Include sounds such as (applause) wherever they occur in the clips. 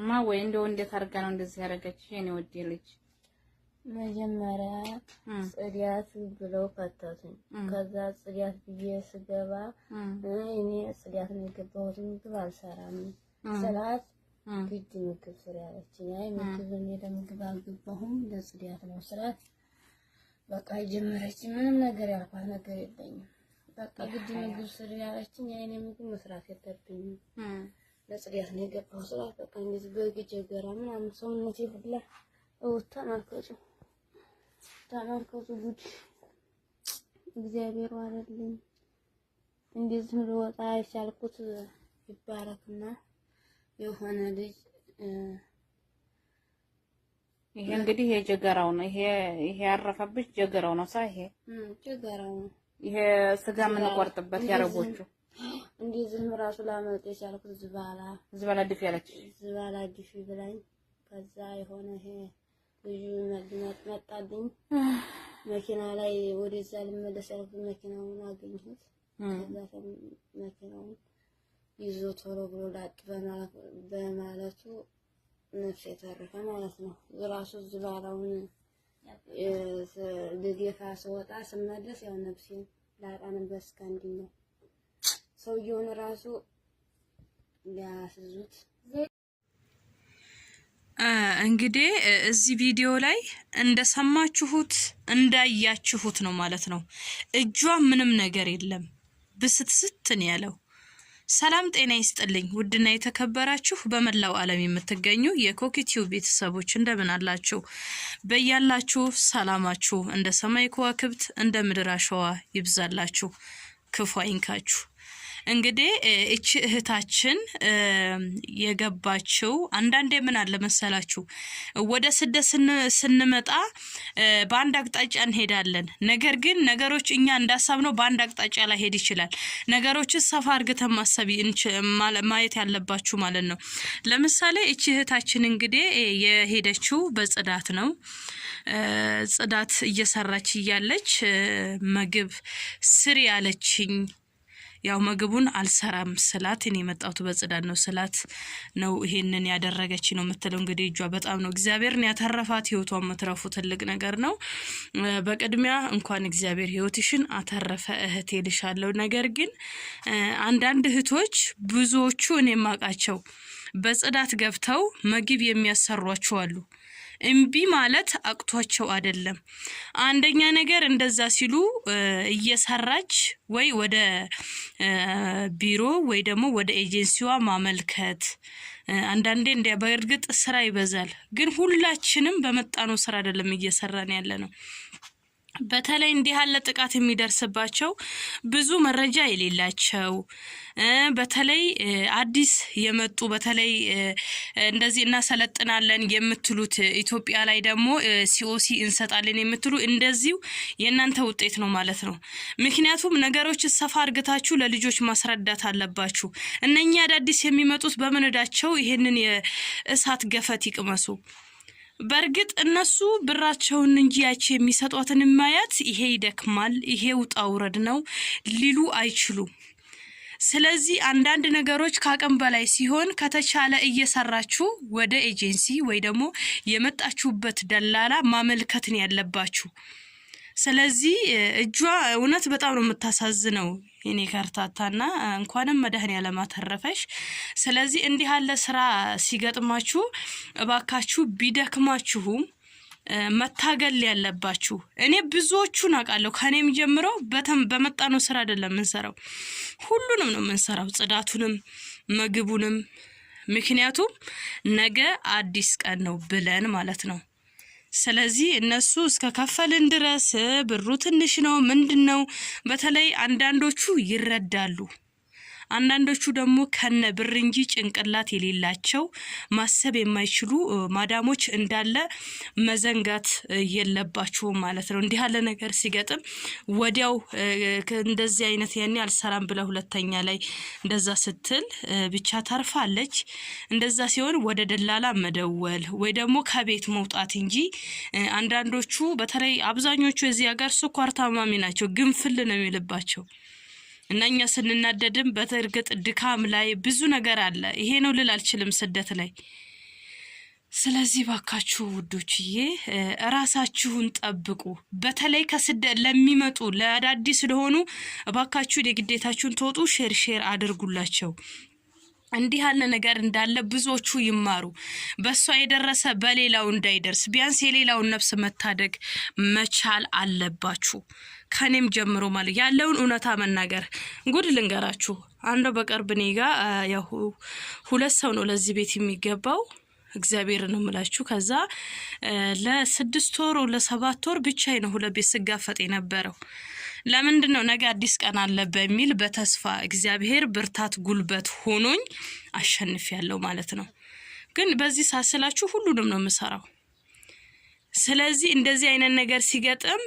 እማ ወይ እንደው እንዴት አድርጋ ነው እንደዚህ ያደረገች? የኔ ወዴ ልጅ መጀመሪያ ጽዳት ብለው ከተቱኝ። ከዛ ጽዳት ብዬ ስገባ እኔ ጽዳት የሚገባሁት ምግብ አልሰራም ስላት ግድ ምግብ ስሪ አለችኝ። አይ ምግብ እኔ ለምግብ አልገባሁም ለጽዳት ነው ስላት በቃ ጀመረች። ምንም ነገር ያልኳት ነገር የለኝም። በቃ ግድ ምግብ ስሪ አለችኝ። አይ እኔ ምግብ መስራት የለብኝም ለጽዳት ነው የገባው ስላት በቃ እንደዚህ በግጀ ገራ ምናምን ሰውነት ይብላ ተመልከቱ፣ ተመልከቱ ጉድ እግዚአብሔር ዋለልኝ። እንደዚህ ልወጣ ያልኩት ይባረክና የሆነ ልጅ ይሄ እንግዲህ ይሄ ጀገራው ነው። ይሄ ይሄ ያረፈብሽ ጀገራው ነው። ሳ ጀገራው ነው። ይሄ ስጋ የምንቆርጥበት ያረቦቹ እንደዚህም ራሱ ላመልጥ የቻልኩት ዝባላ ዝባላ ድፊ ያለች ዝባላ ድፊ ብላኝ፣ ከዛ የሆነ ይሄ ልዩ መግኘት መጣልኝ (sighs) መኪና ላይ ወደዛ ልመለስ ያልኩት መኪናውን አገኘሁት። ከዛ መኪናውን ይዞ ቶሎ ብሎ ላጥ በማለቱ ነፍስ የተረፈ ማለት ነው። ራሱ ዝባላውን ልጌታ ስወጣ ስመለስ ያው ነፍሴን ላጣንበት እስከ እንዲህ ነው ሰውየውን ራሱ ሊያስዙት እንግዲህ እዚህ ቪዲዮ ላይ እንደሰማችሁት እንዳያችሁት ነው ማለት ነው። እጇ ምንም ነገር የለም ብስትስትን ያለው። ሰላም ጤና ይስጥልኝ ውድና የተከበራችሁ በመላው ዓለም የምትገኙ የኮክቲው ቤተሰቦች እንደምን አላችሁ? በያላችሁ ሰላማችሁ እንደ ሰማይ ከዋክብት እንደ ምድር አሸዋ ይብዛላችሁ፣ ክፉ አይንካችሁ። እንግዲህ እቺ እህታችን የገባችው አንዳንዴ ምን አለ መሰላችሁ፣ ወደ ስደት ስንመጣ በአንድ አቅጣጫ እንሄዳለን። ነገር ግን ነገሮች እኛ እንዳሰብነው በአንድ አቅጣጫ ላይ ሄድ ይችላል። ነገሮችን ሰፋ አድርገን ማሰብ ማየት ያለባችሁ ማለት ነው። ለምሳሌ እቺ እህታችን እንግዲህ የሄደችው በጽዳት ነው። ጽዳት እየሰራች እያለች ምግብ ስሪ ያለችኝ ያው ምግቡን አልሰራም ስላት እኔ የመጣሁት በጽዳት ነው ስላት ነው ይሄንን ያደረገች ነው የምትለው። እንግዲህ እጇ በጣም ነው እግዚአብሔርን ያተረፋት ህይወቷን መትረፉ ትልቅ ነገር ነው። በቅድሚያ እንኳን እግዚአብሔር ህይወትሽን አተረፈ እህቴ ልሻለሁ። ነገር ግን አንዳንድ እህቶች ብዙዎቹ እኔ ማቃቸው በጽዳት ገብተው ምግብ የሚያሰሯቸው አሉ። እምቢ ማለት አቅቷቸው አይደለም። አንደኛ ነገር እንደዛ ሲሉ እየሰራች ወይ ወደ ቢሮ ወይ ደግሞ ወደ ኤጀንሲዋ ማመልከት አንዳንዴ እንዲያ በእርግጥ ስራ ይበዛል፣ ግን ሁላችንም በመጣነው ስራ አይደለም እየሰራን ያለ ነው። በተለይ እንዲህ ያለ ጥቃት የሚደርስባቸው ብዙ መረጃ የሌላቸው በተለይ አዲስ የመጡ በተለይ እንደዚህ እናሰለጥናለን የምትሉት ኢትዮጵያ ላይ ደግሞ ሲኦሲ እንሰጣለን የምትሉ እንደዚሁ የእናንተ ውጤት ነው ማለት ነው። ምክንያቱም ነገሮች ሰፋ እርግታችሁ ለልጆች ማስረዳት አለባችሁ። እነኛ አዳዲስ የሚመጡት በምንዳቸው ይሄንን የእሳት ገፈት ይቅመሱ። በእርግጥ እነሱ ብራቸውን እንጂ ያቺ የሚሰጧትን ማየት ይሄ ይደክማል፣ ይሄ ውጣ ውረድ ነው ሊሉ አይችሉም። ስለዚህ አንዳንድ ነገሮች ከአቅም በላይ ሲሆን ከተቻለ እየሰራችሁ ወደ ኤጀንሲ ወይ ደግሞ የመጣችሁበት ደላላ ማመልከትን ያለባችሁ ስለዚህ እጇ እውነት በጣም ነው የምታሳዝነው። የኔ ከርታታና እንኳንም መድኃኔዓለም አተረፈሽ። ስለዚህ እንዲህ ያለ ስራ ሲገጥማችሁ እባካችሁ ቢደክማችሁም መታገል ያለባችሁ እኔ ብዙዎቹን አውቃለሁ። ከእኔም ጀምረው በተም በመጣነው ስራ አይደለም የምንሰራው፣ ሁሉንም ነው የምንሰራው፣ ጽዳቱንም ምግቡንም። ምክንያቱም ነገ አዲስ ቀን ነው ብለን ማለት ነው። ስለዚህ እነሱ እስከ ከፈልን ድረስ ብሩ ትንሽ ነው ምንድን ነው። በተለይ አንዳንዶቹ ይረዳሉ። አንዳንዶቹ ደግሞ ከነ ብር እንጂ ጭንቅላት የሌላቸው ማሰብ የማይችሉ ማዳሞች እንዳለ መዘንጋት የለባችሁም ማለት ነው። እንዲህ ያለ ነገር ሲገጥም ወዲያው እንደዚህ አይነት ያኔ አልሰራም ብለ ሁለተኛ ላይ እንደዛ ስትል ብቻ ታርፋለች። እንደዛ ሲሆን ወደ ደላላ መደወል ወይ ደግሞ ከቤት መውጣት እንጂ አንዳንዶቹ በተለይ አብዛኞቹ የዚህ ሀገር ስኳር ታማሚ ናቸው። ግንፍል ነው የሚልባቸው። እና እኛ ስንናደድም በእርግጥ ድካም ላይ ብዙ ነገር አለ። ይሄ ነው ልል አልችልም ስደት ላይ። ስለዚህ ባካችሁ ውዶችዬ እራሳችሁን ጠብቁ። በተለይ ከስደት ለሚመጡ ለአዳዲስ ለሆኑ እባካችሁን የግዴታችሁን ተወጡ። ሼር ሼር አድርጉላቸው። እንዲህ ያለ ነገር እንዳለ ብዙዎቹ ይማሩ። በእሷ የደረሰ በሌላው እንዳይደርስ ቢያንስ የሌላውን ነፍስ መታደግ መቻል አለባችሁ። ከኔም ጀምሮ ማለት ያለውን እውነታ መናገር። ጉድ ልንገራችሁ፣ አንዱ በቅርብ እኔ ጋ ያው ሁለት ሰው ነው ለዚህ ቤት የሚገባው እግዚአብሔር ነው ምላችሁ። ከዛ ለስድስት ወር ለሰባት ወር ብቻ ነው ሁለት ቤት ስጋፈጥ የነበረው ለምንድን ነው ነገ አዲስ ቀን አለ በሚል በተስፋ እግዚአብሔር ብርታት ጉልበት ሆኖኝ አሸንፍ ያለው ማለት ነው። ግን በዚህ ሳስላችሁ ሁሉንም ነው የምሰራው። ስለዚህ እንደዚህ አይነት ነገር ሲገጥም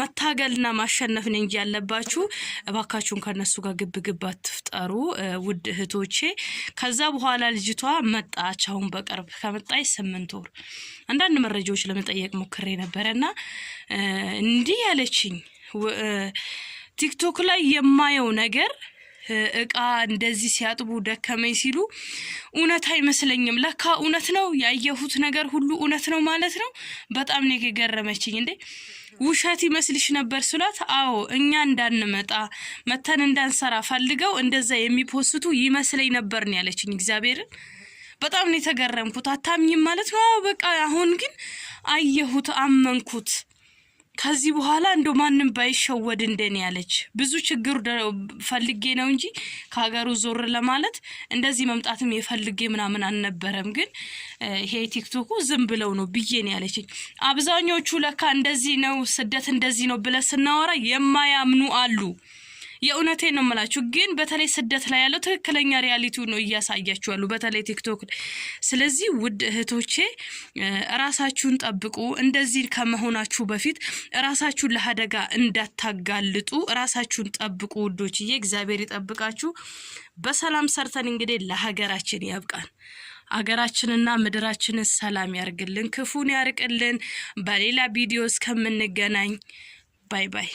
መታገልና ማሸነፍ እንጂ ያለባችሁ። እባካችሁን ከነሱ ጋር ግብ ግብ አትፍጠሩ ውድ እህቶቼ። ከዛ በኋላ ልጅቷ መጣች። አሁን በቅርብ ከመጣች ስምንት ወር አንዳንድ መረጃዎች ለመጠየቅ ሞክሬ ነበረና እንዲህ ያለችኝ ቲክቶክ ላይ የማየው ነገር እቃ እንደዚህ ሲያጥቡ ደከመኝ ሲሉ እውነት አይመስለኝም። ለካ እውነት ነው ያየሁት ነገር ሁሉ እውነት ነው ማለት ነው። በጣም ነው የገረመችኝ። እንዴ ውሸት ይመስልሽ ነበር ስሏት፣ አዎ እኛ እንዳንመጣ መተን እንዳንሰራ ፈልገው እንደዛ የሚፖስቱ ይመስለኝ ነበር ነው ያለችኝ። እግዚአብሔርን በጣም ነው የተገረምኩት። አታምኝም ማለት ነው። በቃ አሁን ግን አየሁት፣ አመንኩት። ከዚህ በኋላ እንደ ማንም ባይሸወድ እንደኔ ያለች ብዙ ችግር ፈልጌ ነው እንጂ ከሀገሩ ዞር ለማለት እንደዚህ መምጣትም የፈልጌ ምናምን አልነበረም። ግን ይሄ ቲክቶኩ ዝም ብለው ነው ብዬ ነው ያለችኝ። አብዛኞቹ ለካ እንደዚህ ነው ስደት እንደዚህ ነው ብለን ስናወራ የማያምኑ አሉ። የእውነቴ ነው የምላችሁ። ግን በተለይ ስደት ላይ ያለው ትክክለኛ ሪያሊቲው ነው እያሳያችሁ ያሉ በተለይ ቲክቶክ። ስለዚህ ውድ እህቶቼ እራሳችሁን ጠብቁ። እንደዚህ ከመሆናችሁ በፊት ራሳችሁን ለአደጋ እንዳታጋልጡ እራሳችሁን ጠብቁ ውዶችዬ። እግዚአብሔር ይጠብቃችሁ። በሰላም ሰርተን እንግዲህ ለሀገራችን ያብቃን። አገራችንና ምድራችንን ሰላም ያርግልን፣ ክፉን ያርቅልን። በሌላ ቪዲዮ እስከምንገናኝ ባይ ባይ።